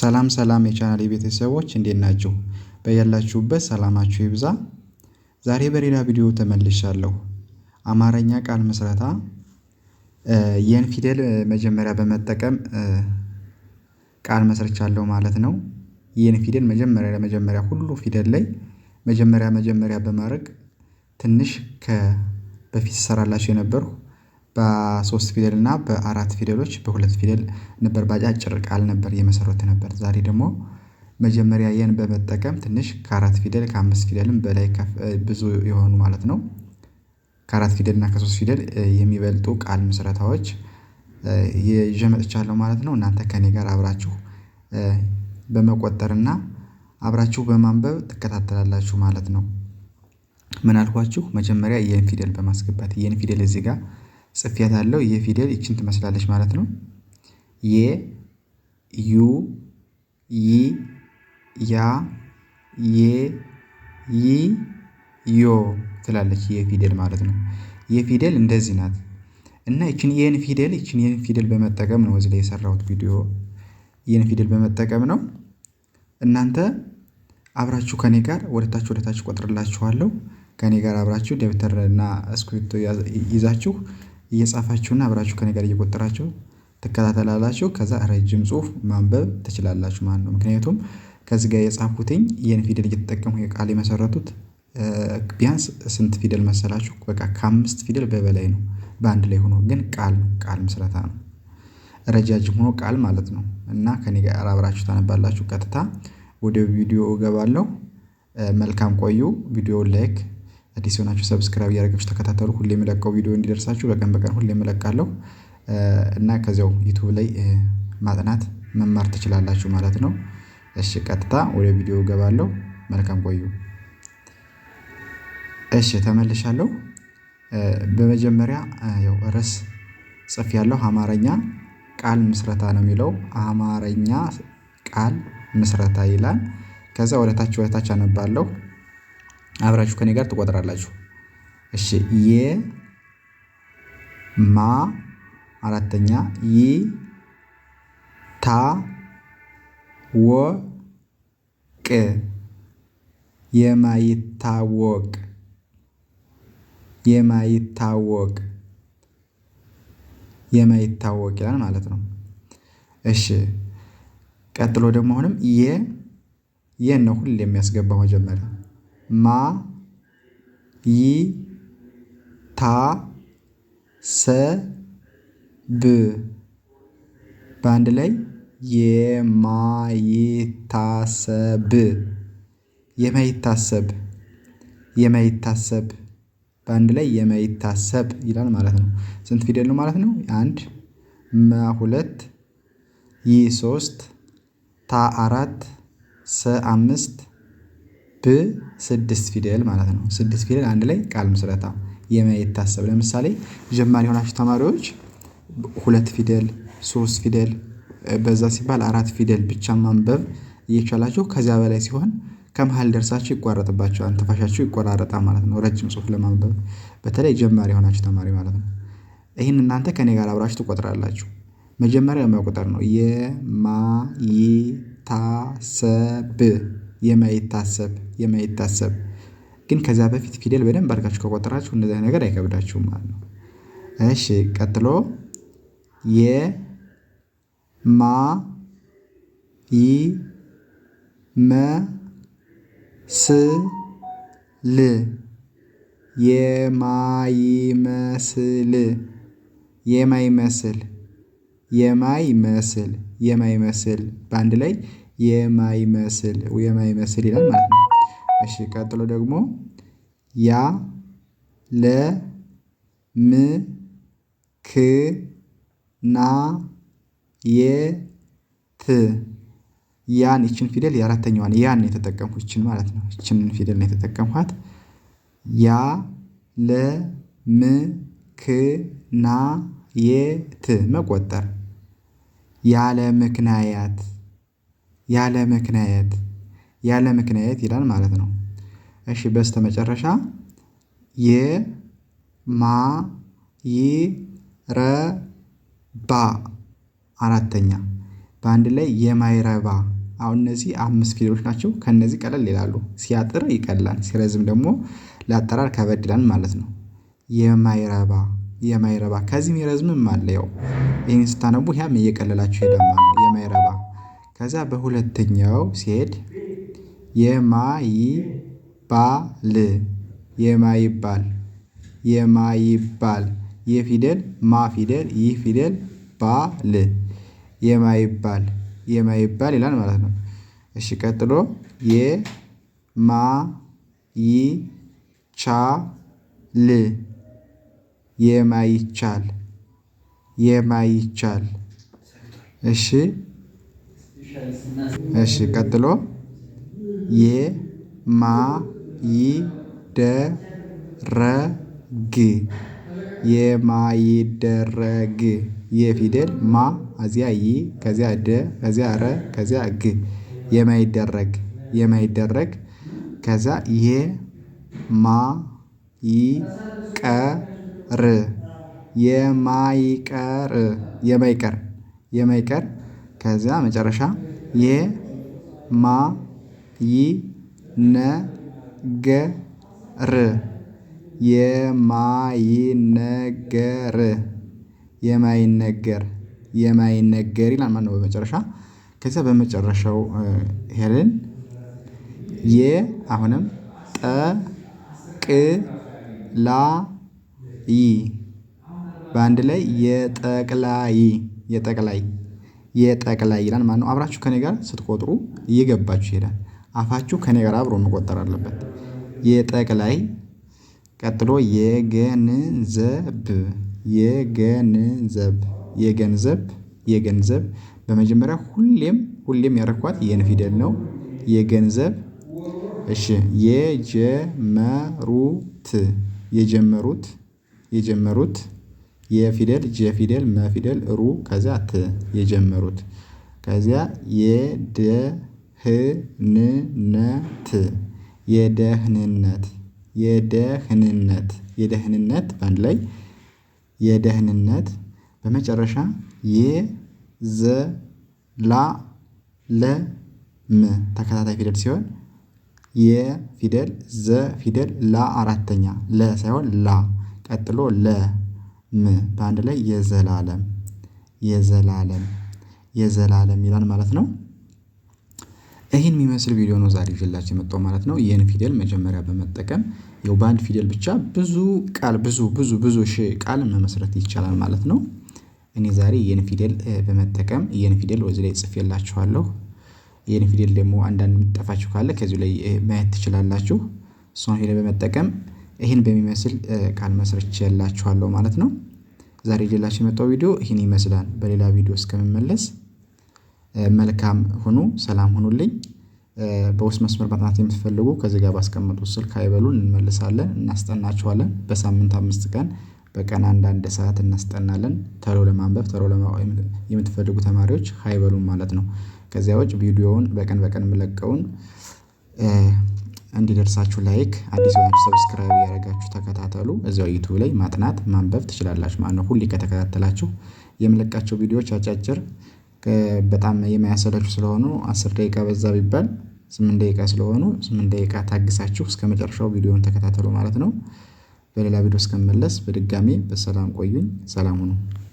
ሰላም ሰላም የቻናል ቤተሰቦች እንዴት ናችሁ? በያላችሁበት ሰላማችሁ ይብዛ። ዛሬ በሌላ ቪዲዮ ተመልሻለሁ። አማርኛ ቃል ምስረታ የን ፊደል መጀመሪያ በመጠቀም ቃል መስርቻለሁ ማለት ነው። የን ፊደል መጀመሪያ ለመጀመሪያ ሁሉ ፊደል ላይ መጀመሪያ መጀመሪያ በማድረግ ትንሽ ከበፊት ሰራላችሁ የነበርኩ በሶስት ፊደል እና በአራት ፊደሎች በሁለት ፊደል ነበር በአጫጭር ቃል ነበር የመሰረት ነበር። ዛሬ ደግሞ መጀመሪያ የን በመጠቀም ትንሽ ከአራት ፊደል ከአምስት ፊደልም በላይ ብዙ የሆኑ ማለት ነው። ከአራት ፊደል እና ከሶስት ፊደል የሚበልጡ ቃል ምስረታዎች ይዤ መጥቻለሁ ማለት ነው። እናንተ ከኔ ጋር አብራችሁ በመቆጠርና አብራችሁ በማንበብ ትከታተላላችሁ ማለት ነው። ምን አልኳችሁ መጀመሪያ የን ፊደል በማስገባት የን ፊደል እዚህ ጋር አለው ይህ ፊደል ይችን ትመስላለች ማለት ነው። የ ዩ ይ ያ የ ይ ዮ ትላለች ይህ ፊደል ማለት ነው። ይህ ፊደል እንደዚህ ናት እና ይችን ይህን ፊደል ይችን ይህን ፊደል በመጠቀም ነው እዚህ ላይ የሰራሁት ቪዲዮ ይህን ፊደል በመጠቀም ነው። እናንተ አብራችሁ ከኔ ጋር ወደታች ወደታችሁ ቆጥርላችኋለሁ። ከኔ ጋር አብራችሁ ደብተርና እስክሪብቶ ይዛችሁ እየጻፋችሁና አብራችሁ ከእኔ ጋር እየቆጠራችሁ ትከታተላላችሁ ከዛ ረጅም ጽሁፍ ማንበብ ትችላላችሁ ማለት ነው። ምክንያቱም ከዚህ ጋር የጻፍኩትኝ ይህን ፊደል እየተጠቀሙ የቃል የመሰረቱት ቢያንስ ስንት ፊደል መሰላችሁ? በቃ ከአምስት ፊደል በበላይ ነው በአንድ ላይ ሆኖ ግን ቃል ቃል ምስረታ ነው። ረጃጅም ሆኖ ቃል ማለት ነው እና ከኔ ጋር አብራችሁ ታነባላችሁ ቀጥታ ወደ ቪዲዮ እገባለሁ። መልካም ቆዩ ቪዲዮ ላይክ አዲስ የሆናችሁ ሰብስክራይብ እያደረጋችሁ ተከታተሉ። ሁሌ የምለቀው ቪዲዮ እንዲደርሳችሁ በቀን በቀን ሁሌ የምለቃለሁ እና ከዚያው ዩቱብ ላይ ማጥናት መማር ትችላላችሁ ማለት ነው። እሺ ቀጥታ ወደ ቪዲዮ ገባለሁ። መልካም ቆዩ። እሺ ተመልሻለሁ። በመጀመሪያ ያው ርዕስ ጽፍ ያለው አማርኛ ቃል ምስረታ ነው የሚለው አማርኛ ቃል ምስረታ ይላል። ከዛ ወደታች ወደታች አነባለሁ አብራችሁ ከኔ ጋር ትቆጥራላችሁ። እሺ የ ማ አራተኛ ይ ታ ወ ቅ የማይታወቅ የማይታወቅ የማይታወቅ ይላል ማለት ነው። እሺ ቀጥሎ ደግሞ አሁንም የ የን ነው ሁሌ የሚያስገባው መጀመሪያ ማ ይ ታ ሰ ብ በአንድ ላይ የማይታሰብ የማይታሰብ የማይታሰብ በአንድ ላይ የማይታሰብ ይላል ማለት ነው። ስንት ፊደል ነው ማለት ነው? አንድ መ ሁለት ይ ሶስት ታ አራት ሰ አምስት ብ ስድስት ፊደል ማለት ነው። ስድስት ፊደል አንድ ላይ ቃል ምስረታ የማይታሰብ ለምሳሌ ጀማሪ የሆናችሁ ተማሪዎች ሁለት ፊደል ሶስት ፊደል በዛ ሲባል አራት ፊደል ብቻ ማንበብ እየቻላችሁ ከዚያ በላይ ሲሆን ከመሀል ደርሳችሁ ይቋረጥባቸዋል፣ ትንፋሻችሁ ይቆራረጣል ማለት ነው። ረጅም ጽሁፍ ለማንበብ በተለይ ጀማሪ የሆናችሁ ተማሪ ማለት ነው። ይህን እናንተ ከኔ ጋር አብራችሁ ትቆጥራላችሁ። መጀመሪያ መቁጠር ነው የማይታሰብ የማይታሰብ የማይታሰብ ግን ከዛ በፊት ፊደል በደንብ አድርጋችሁ ከቆጠራችሁ እንደዚህ ነገር አይከብዳችሁም ማለት ነው። እሺ ቀጥሎ የ ማ ይ መ ስ ል የማይመስል የማይመስል የማይመስል የማይመስል በአንድ ላይ የማይመስል የማይመስል ይላል ማለት ነው። እሺ ቀጥሎ ደግሞ ያ ለ ም ክ ና የ ት ያን ይችን ፊደል የአራተኛዋን ያን የተጠቀምኩ ይችን ማለት ነው። ይችን ፊደል ነው የተጠቀምኳት። ያ ለ ም ክ ና የ ት መቆጠር ያለ ምክንያት ያለ ምክንያት ያለ ምክንያት ይላል ማለት ነው። እሺ በስተ መጨረሻ የ ማ ይ ረ ባ አራተኛ በአንድ ላይ የማይረባ አሁን እነዚህ አምስት ፊደሎች ናቸው ከነዚህ ቀለል ይላሉ ሲያጥር ይቀላል ሲረዝም ደግሞ ለአጠራር ከበድ ይላል ማለት ነው። የማይረባ የማይረባ ከዚህ የሚረዝምም አለ ያው ይህን ስታነቡ ያም እየቀለላችሁ ይሄዳል ከዛ በሁለተኛው ሲሄድ የማይባል የማይባል የማይባል የፊደል ማ ፊደል ይህ ፊደል ባል የማይባል የማይባል ይላል ማለት ነው። እሺ ቀጥሎ የማይቻል የማይቻል የማይቻል እሺ እሺ ቀጥሎ የ ማ የማይደረግ የማይደረግ የፊደል ማ ከዚያ ይ ከዚያ ደ ከዚያ ረ ከዚያ ግ የማይደረግ የማይደረግ ከዛ የማይቀር የማይቀር የማይቀር የማይቀር ከዚያ መጨረሻ የ ማ ይ ነ ገ የማይነገር የማይነገር የማይነገር የማይነገር ይላል ማለት ነው። በመጨረሻ ከዚያ በመጨረሻው ሄደን የ አሁንም ጠ ቅ ላ ይ በአንድ ላይ የጠቅላይ የጠቅላይ የጠቅላይ ይላል ማለት ነው። አብራችሁ ከኔ ጋር ስትቆጥሩ እየገባችሁ ይሄዳል። አፋችሁ ከኔ ጋር አብሮ መቆጠር አለበት። የጠቅላይ ቀጥሎ የገንዘብ የገንዘብ የገንዘብ የገንዘብ በመጀመሪያ ሁሌም ሁሌም ያረኳት የን ፊደል ነው። የገንዘብ እሺ የጀመሩት የጀመሩት የጀመሩት የፊደል ጀፊደል ፊደል ሩ ከዚያ ት የጀመሩት ከዚያ የደህንነት የደህንነት የደህንነት የደህንነት በአንድ ላይ የደህንነት በመጨረሻ የዘላለም ተከታታይ ፊደል ሲሆን የፊደል ዘ ፊደል ላ አራተኛ ለ ሳይሆን ላ ቀጥሎ ለ ም በአንድ ላይ የዘላለም የዘላለም የዘላለም ይላል ማለት ነው። ይህን የሚመስል ቪዲዮ ነው ዛሬ ይዤላችሁ የመጣው ማለት ነው። ይህን ፊደል መጀመሪያ በመጠቀም ያው በአንድ ፊደል ብቻ ብዙ ቃል ብዙ ብዙ ብዙ ሺ ቃል መመስረት ይቻላል ማለት ነው። እኔ ዛሬ ይህን ፊደል በመጠቀም ይህን ፊደል ወዚ ላይ ጽፌላችኋለሁ። ይህን ፊደል ደግሞ አንዳንድ የምጠፋችሁ ካለ ከዚሁ ላይ ማየት ትችላላችሁ። እሷን ፊደል በመጠቀም ይህን በሚመስል ቃል ያላችኋለሁ ማለት ነው። ዛሬ ይዤላችሁ የመጣው ቪዲዮ ይህን ይመስላል። በሌላ ቪዲዮ እስከምመለስ መልካም ሁኑ፣ ሰላም ሁኑልኝ። በውስጥ መስመር ማጥናት የምትፈልጉ ከዚህ ጋር ባስቀመጡ ስልክ አይበሉን፣ እንመልሳለን፣ እናስጠናችኋለን። በሳምንት አምስት ቀን በቀን አንዳንድ ሰዓት እናስጠናለን። ተሎ ለማንበብ ተሎ የምትፈልጉ ተማሪዎች ሀይበሉን ማለት ነው። ከዚያ ውጭ ቪዲዮውን በቀን በቀን የምለቀውን እንዲደርሳችሁ ላይክ፣ አዲስ ሆናችሁ ሰብስክራይብ ያደረጋችሁ ተከታተሉ። እዚያው ዩቱብ ላይ ማጥናት ማንበብ ትችላላችሁ ማለት ነው። ሁሌ ከተከታተላችሁ የምለቃቸው ቪዲዮዎች አጫጭር በጣም የማያሰለችሁ ስለሆኑ አስር ደቂቃ በዛ ቢባል ስምንት ደቂቃ ስለሆኑ ስምንት ደቂቃ ታግሳችሁ እስከ መጨረሻው ቪዲዮን ተከታተሉ ማለት ነው። በሌላ ቪዲዮ እስከመለስ በድጋሚ በሰላም ቆዩኝ። ሰላም ሁኑ።